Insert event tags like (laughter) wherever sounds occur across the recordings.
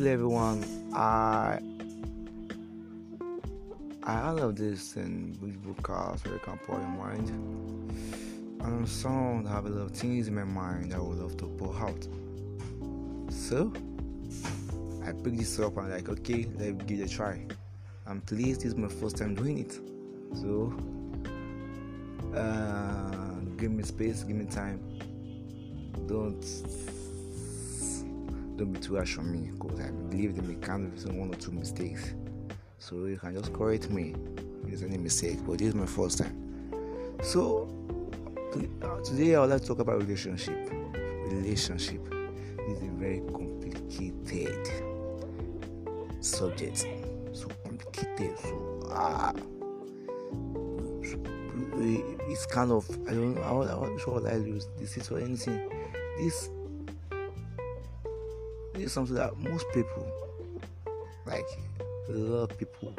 good everyone i i this and this in book called very important Mind and some have a lot of things in my mind I would love to pull out so I picked this up and like okay let's give it a try I'm pleased this is my first time doing it so uh, give me space give me time don't don't be too harsh on me because I believe they may come with one or two mistakes. So you can just correct me if there's any mistake. But this is my first time. So uh, today I would like to talk about relationship. Relationship is a very complicated subject. So complicated. So ah. It's kind of I don't know. I, I, I, sure I, I, I, I, for anything. This. This is something that most people, like a lot of people,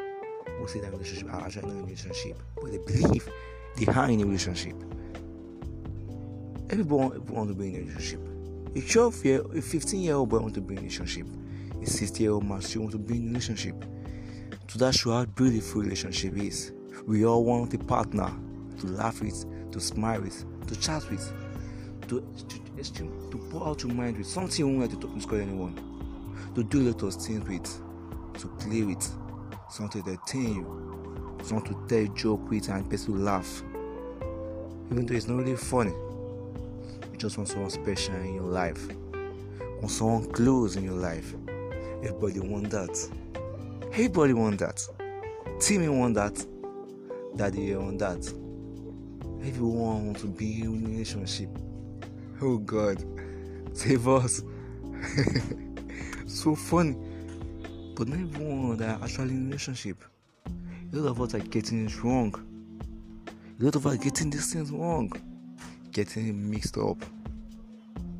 will say that relationship are actually not in relationship, but they believe they are in a relationship. Everyone want to be in a relationship. A 12 year, a 15 year old boy want to be in a relationship. A 60 year old man still want to be in a relationship. So that's how beautiful relationship is. We all want a partner to laugh with, to smile with, to chat with, to, to is to, to pour out your mind with something you won't have to score anyone, to do little things with, to play with, something to entertain you, something to tell joke with and people laugh. Even though it's not really funny, you just want someone special in your life, want someone close in your life. Everybody want that. Everybody want that. Timmy want that. Daddy want that. Everyone want to be in a relationship Oh God, save us. so funny. But not everyone that are actually in relationship. A lot of us are getting it wrong. A lot of us are getting these things wrong. Getting it mixed up.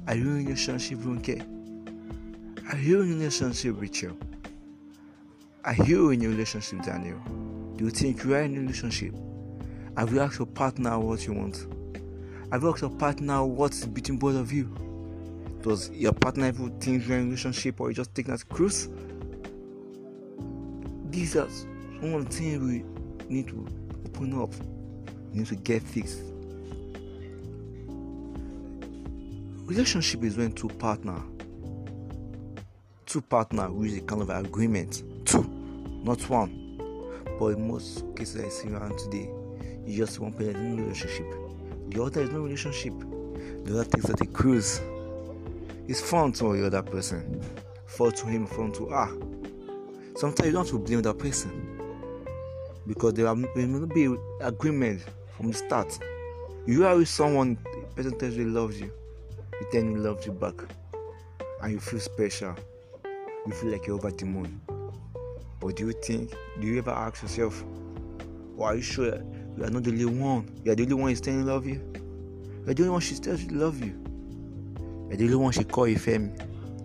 Are you in a relationship, Runke? Are you in a relationship, Rachel? Are you in a relationship, Daniel? Do you think you are in a relationship? Have you asked your partner what you want? Have you asked your partner what's between both of you? Does your partner even think you're in a relationship or you just taking as cruise? These are some of the things we need to open up. We need to get fixed. Relationship is when two partner, two partner with a kind of agreement. Two, not one. But in most cases I see around today, you just one person in relationship the other is no relationship. The other thinks that he cruise He's fun to the other person, fun to him, fun to her. Sometimes you don't to blame that person because there, are, there may not be agreement from the start. You are with someone, the person tells you he loves you, he then he loves you back, and you feel special. You feel like you're over the moon. But do you think? Do you ever ask yourself, "Why well, are you sure you are not the only one. You are the only one who still love you. You are the only one she still love you. You are the only one she call you family,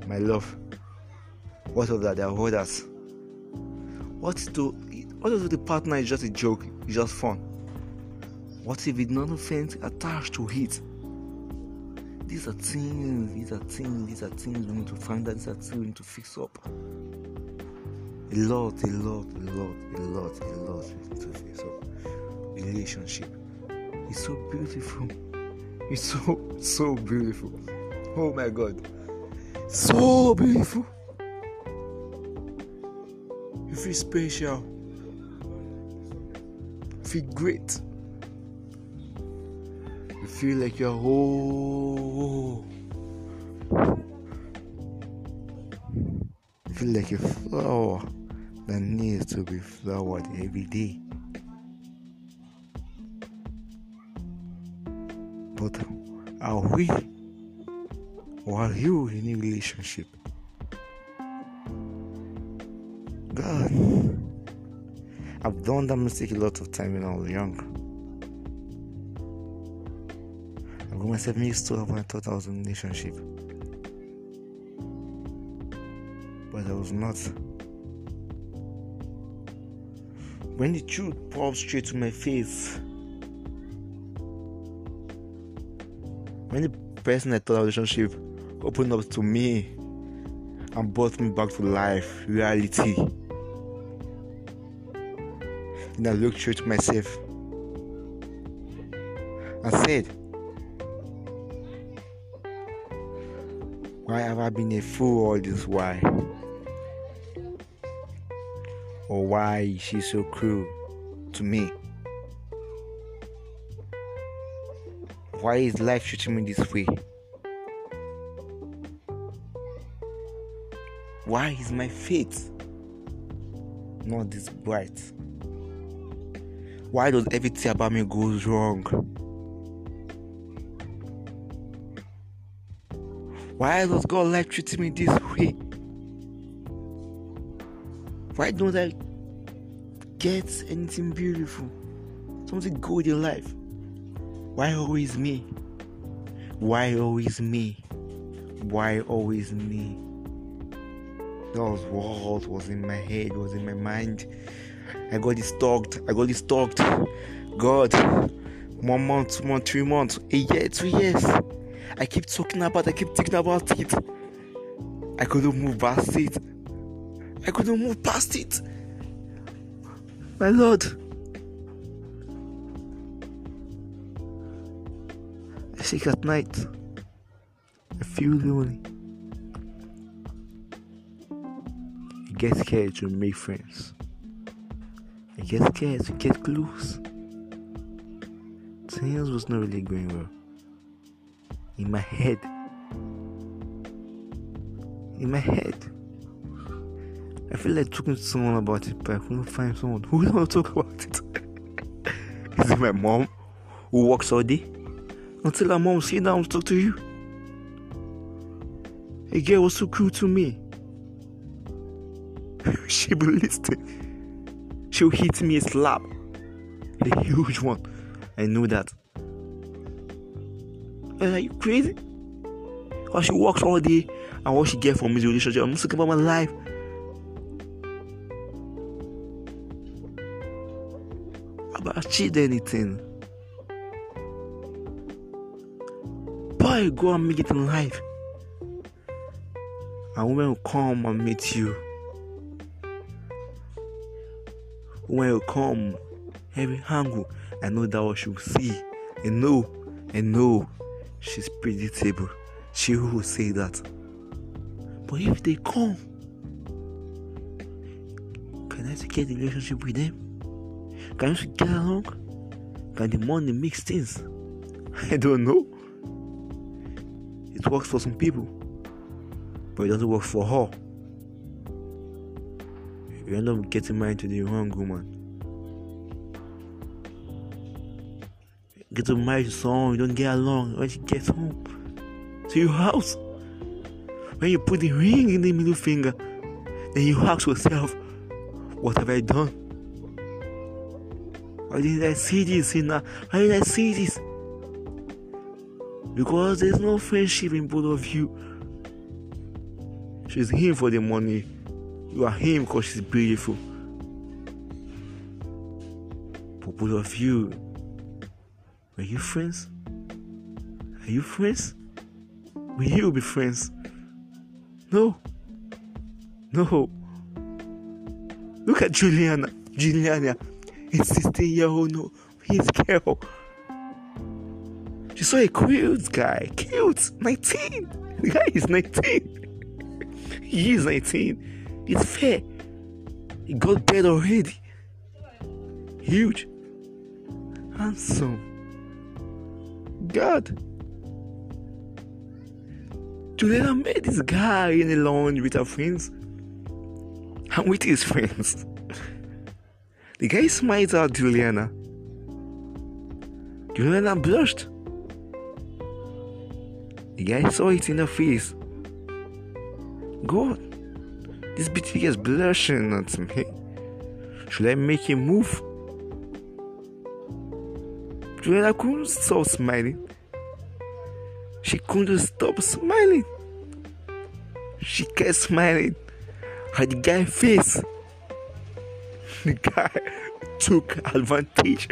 my love. What of that? There are others. What to? What if the partner is just a joke? It's just fun. What if it's not offense attached to it? These are things. These are things. These are things we need to find out. These are things we need to fix up. A lot, a lot, a lot, a lot, a lot to fix up relationship. It's so beautiful. (laughs) It's so, so beautiful. Oh my God. So beautiful. You feel special. You feel great. You feel like you're whole. You feel like a flower that needs to be flowered every day. Are we or are you in a relationship? God, I've done that mistake a lot of time when I was young. I got myself mixed up when I thought I was in a relationship. But I was not. When the truth pops straight to my face, When the person I thought our relationship opened up to me and brought me back to life, reality. and I looked through to myself and said, Why have I been a fool all this while? Or why is she so cruel to me? Why is life treating me this way? Why is my fate not this bright? Why does everything about me goes wrong? Why does God like treating me this way? Why don't I get anything beautiful? Something good in life? Why always me? Why always me? Why always me? Those words was in my head, was in my mind. I got stalked. I got stalked. God, one month, one, three months, a year, two years. I keep talking about. I keep thinking about it. I couldn't move past it. I couldn't move past it. My Lord. sick at night. I feel lonely. I get scared to make friends. I get scared to get close. Things was not really going well. In my head. In my head. I feel like talking to someone about it, but I couldn't find someone who would want to talk about it. (laughs) Is it my mom who works all day? Until my mom sit down to talk to you. A girl was so cruel to me. (laughs) she it. She'll hit me a slap. A huge one. I know that. And are you crazy? How she works all day and what she get from this relationship. I'm talking about my life. Have achieved anything? you go and make it in life. A woman will come and meet you. When you come every angle. I know that what she will see. And know, and know, she's predictable. She will say that. But if they come, can I secure the relationship with them? Can you get along? Can the money mix things? (laughs) I don't know it works for some people, but it doesn't work for her. You end up getting married to the wrong woman. Get married to someone you don't get along when she gets home to your house. When you put the ring in the middle finger, then you ask yourself, What have I done? Why didn't I see this in a, why didn't I see this? because there's no friendship in both of you. She's him for the money, you are him because she's beautiful. For both of you, are you friends? Are you friends? Will you be friends? No. No. Look at Juliana. Juliana, a 16 year old, no, his girl. She saw a cute guy, cute, 19. (laughs) The guy is 19. (laughs) he is 19. It's fair. He got dead already. Huge. Handsome. God. Juliana met this guy in the lounge with her friends. And with his friends. (laughs) the guy smiled at Juliana. Juliana blushed. The I saw it in her face. God, this bitch is blushing at me. Should I make a move? Joanna couldn't stop smiling. She couldn't stop smiling. She kept smiling at the guy's face. (laughs) The guy took advantage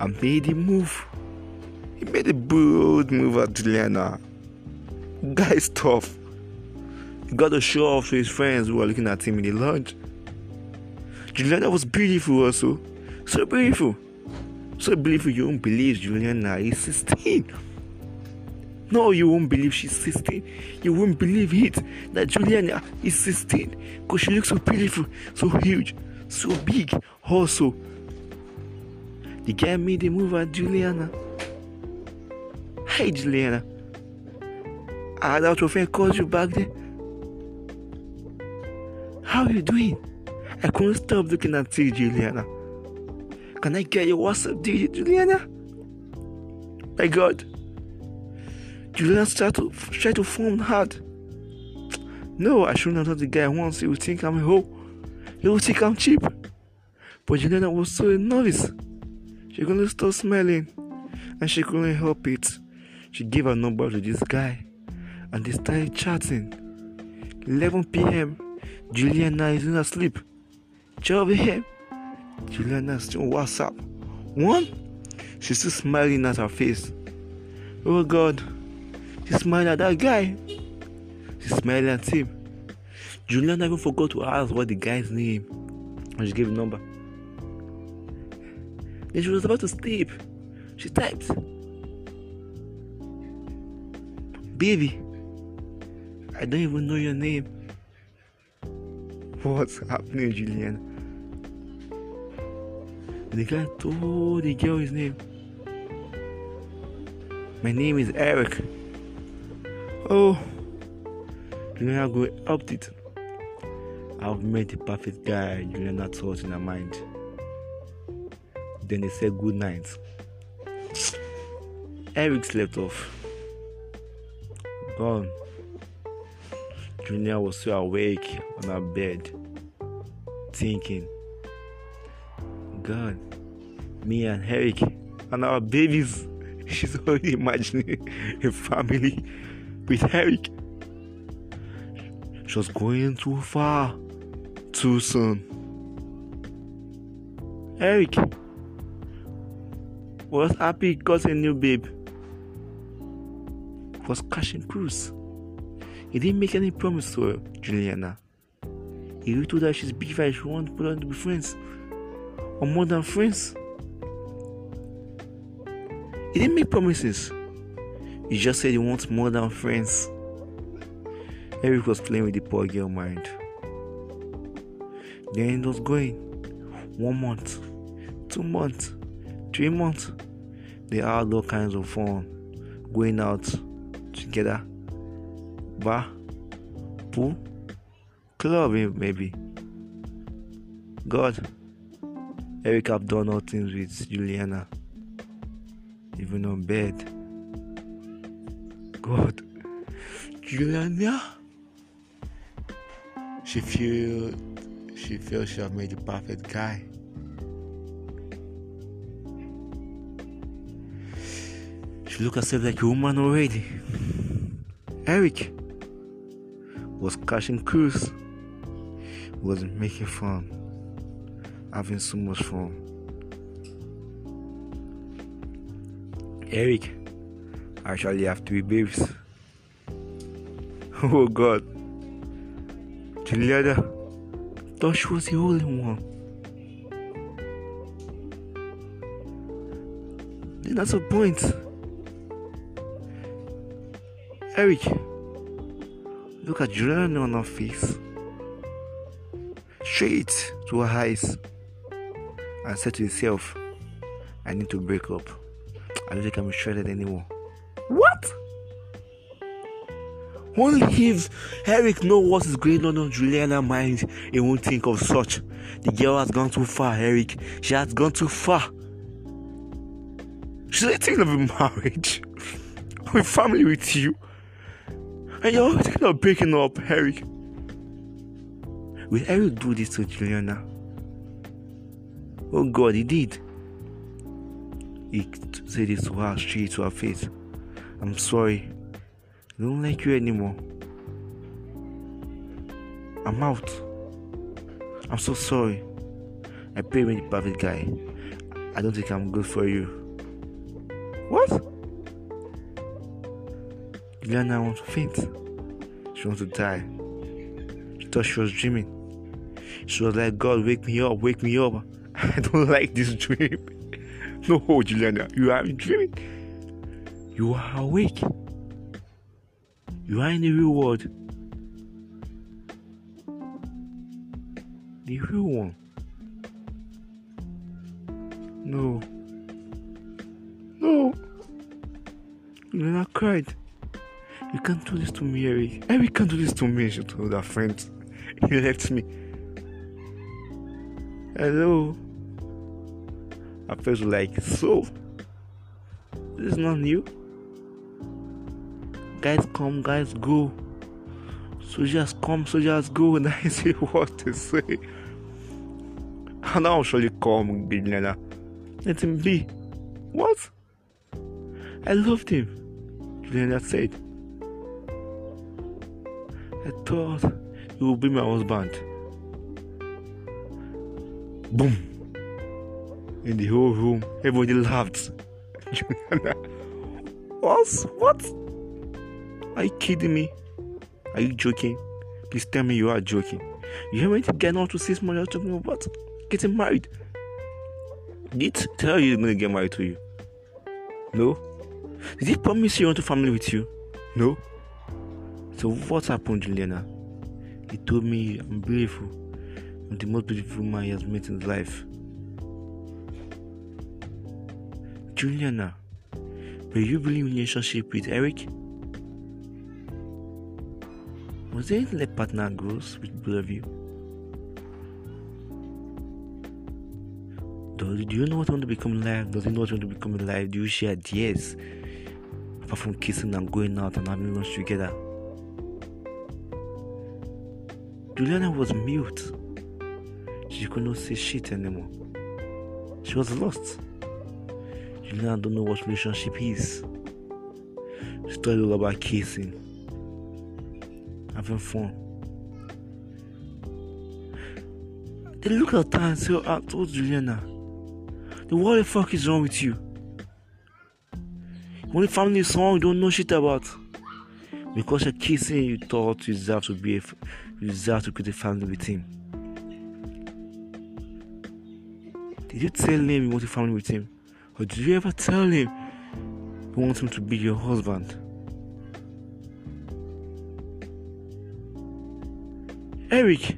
and made him move. He made a bold move at Juliana. Guy's tough. He got to show off to his friends who were looking at him in the lounge. Juliana was beautiful also. So beautiful. So beautiful you won't believe Juliana is 16. No, you won't believe she's 16. You won't believe it that Juliana is 16 because she looks so beautiful, so huge, so big. Also, the guy made a move at Juliana. Hey Juliana, I had out of Trophy called you back there? How are you doing? I couldn't stop looking at you, Juliana. Can I get your WhatsApp, Juliana? My God. Juliana started to try to phone hard. No, I shouldn't have told the guy once. He would think I'm a hoe. He would think I'm cheap. But Juliana was so nervous. She couldn't stop smiling, and she couldn't help it. She gave her number to this guy and they started chatting. 11 p.m. Juliana is in her sleep. 12 a.m. Juliana is on WhatsApp. 1. She's still smiling at her face. Oh God. She's smiling at that guy. She's smiling at him. Juliana even forgot to ask what the guy's name. And she gave a number. Then she was about to sleep. She typed Baby, I don't even know your name. What's happening, julian The guy told the girl his name. My name is Eric. Oh, Juliana go upped it. I've met the perfect guy, Juliana thought in her mind. Then they said good night. Eric slept off gone. Oh, Junior was still awake on her bed, thinking, God, me and Eric and our babies. (laughs) She's already imagining a family with Eric. She was going too far, too soon. Eric was happy because a new babe was cashing crews. He didn't make any promise to her, Juliana. He told her she's beautiful she wants to be friends, or more than friends. He didn't make promises. He just said he wants more than friends. Eric was playing with the poor girl mind. Then it was going. One month, two months, three months. They had all kinds of fun. Going out, together bar pool club maybe god eric have done all things with juliana even on bed god juliana she feel she feels she have made the perfect guy She said herself like a woman already. Eric was catching crews, was making fun, having so much fun. Eric actually have three babies. (laughs) Oh God, Juliana thought she was the only one. Then that's some point, Eric, look at Juliana on her face, straight to her eyes, and said to himself, I need to break up. I don't think I'm shredded anymore. What? Only if Eric knows what is going on in Juliana's mind, he won't think of such. The girl has gone too far, Eric. She has gone too far. She's thinking of a marriage, (laughs) With a family with you. And you're thinking of breaking up, Eric. Will Eric do this to Juliana? Oh God, he did. He said this to her straight to her face. I'm sorry. I don't like you anymore. I'm out. I'm so sorry. I pay with the perfect guy. I don't think I'm good for you. What? Juliana to faint. She wants to die. She thought she was dreaming. She was like, God, wake me up, wake me up. (laughs) I don't like this dream. (laughs) no, Juliana, you are dreaming. You are awake. You are in the real world. The real one. No. No. Juliana cried. You can't do this to me, Eric. Eric can't do this to me. She told her friend. (laughs) He left me. Hello. I felt like, so, this is not new. Guys come, guys go. Soldiers come, soldiers go. (laughs) And I say what to say. And I'll surely come, Gilena. Let him be. What? I loved him, Gilena said. God, you will be my husband. Boom. In the whole room, everybody laughed. (laughs) what? What? Are you kidding me? Are you joking? Please tell me you are joking. You haven't gotten out to six months talking about getting married. Did tell you he's gonna get married to you? No. Did he promise you want to family with you? No. So what happened, Juliana? He told me I'm beautiful. I'm the most beautiful man he has met in his life. Juliana, were you really in relationship with Eric? Was there any partner growth with both of you? Do, do you know what I want to become alive? Does he know what I want to become alive? Do you share ideas? Apart from kissing and going out and having lunch together. Juliana was mute. She could not say shit anymore. She was lost. Juliana don't know what relationship is. She told all about kissing, having fun. They look at her and say, I ah, told Juliana, what the fuck is wrong with you? You only family is someone you don't know shit about. Because you're kissing, you thought you deserve to be a you desire to create a family with him? Did you tell him you want a family with him? Or did you ever tell him you want him to be your husband? Eric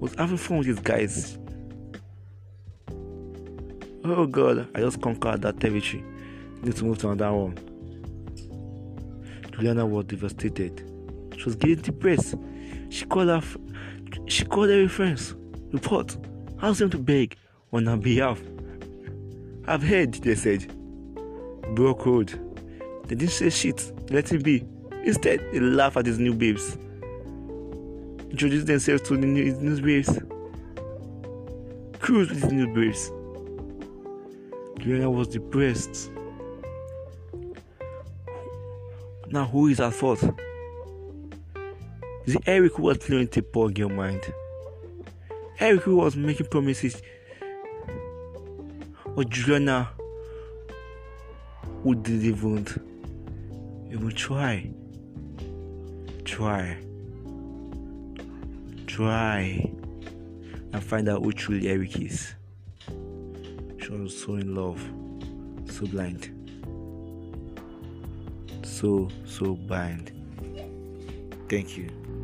was having fun with his guys. Oh god, I just conquered that territory. Need to move to another one. Juliana was devastated. She was getting depressed. She called her, she called every friends, report, asked them to beg on her behalf. I've heard, they said. Broke road. They didn't say shit, let it be. Instead, they laugh at these new babes. Introduce themselves to the new, new babes. Cruise with these new babes. Juliana was depressed. Now, who is at fault? See, Eric was playing to bug your mind. Eric was making promises. Or Juliana would even even try. Try. Try and find out who truly Eric is. She was so in love, so blind, so so blind. Thank you.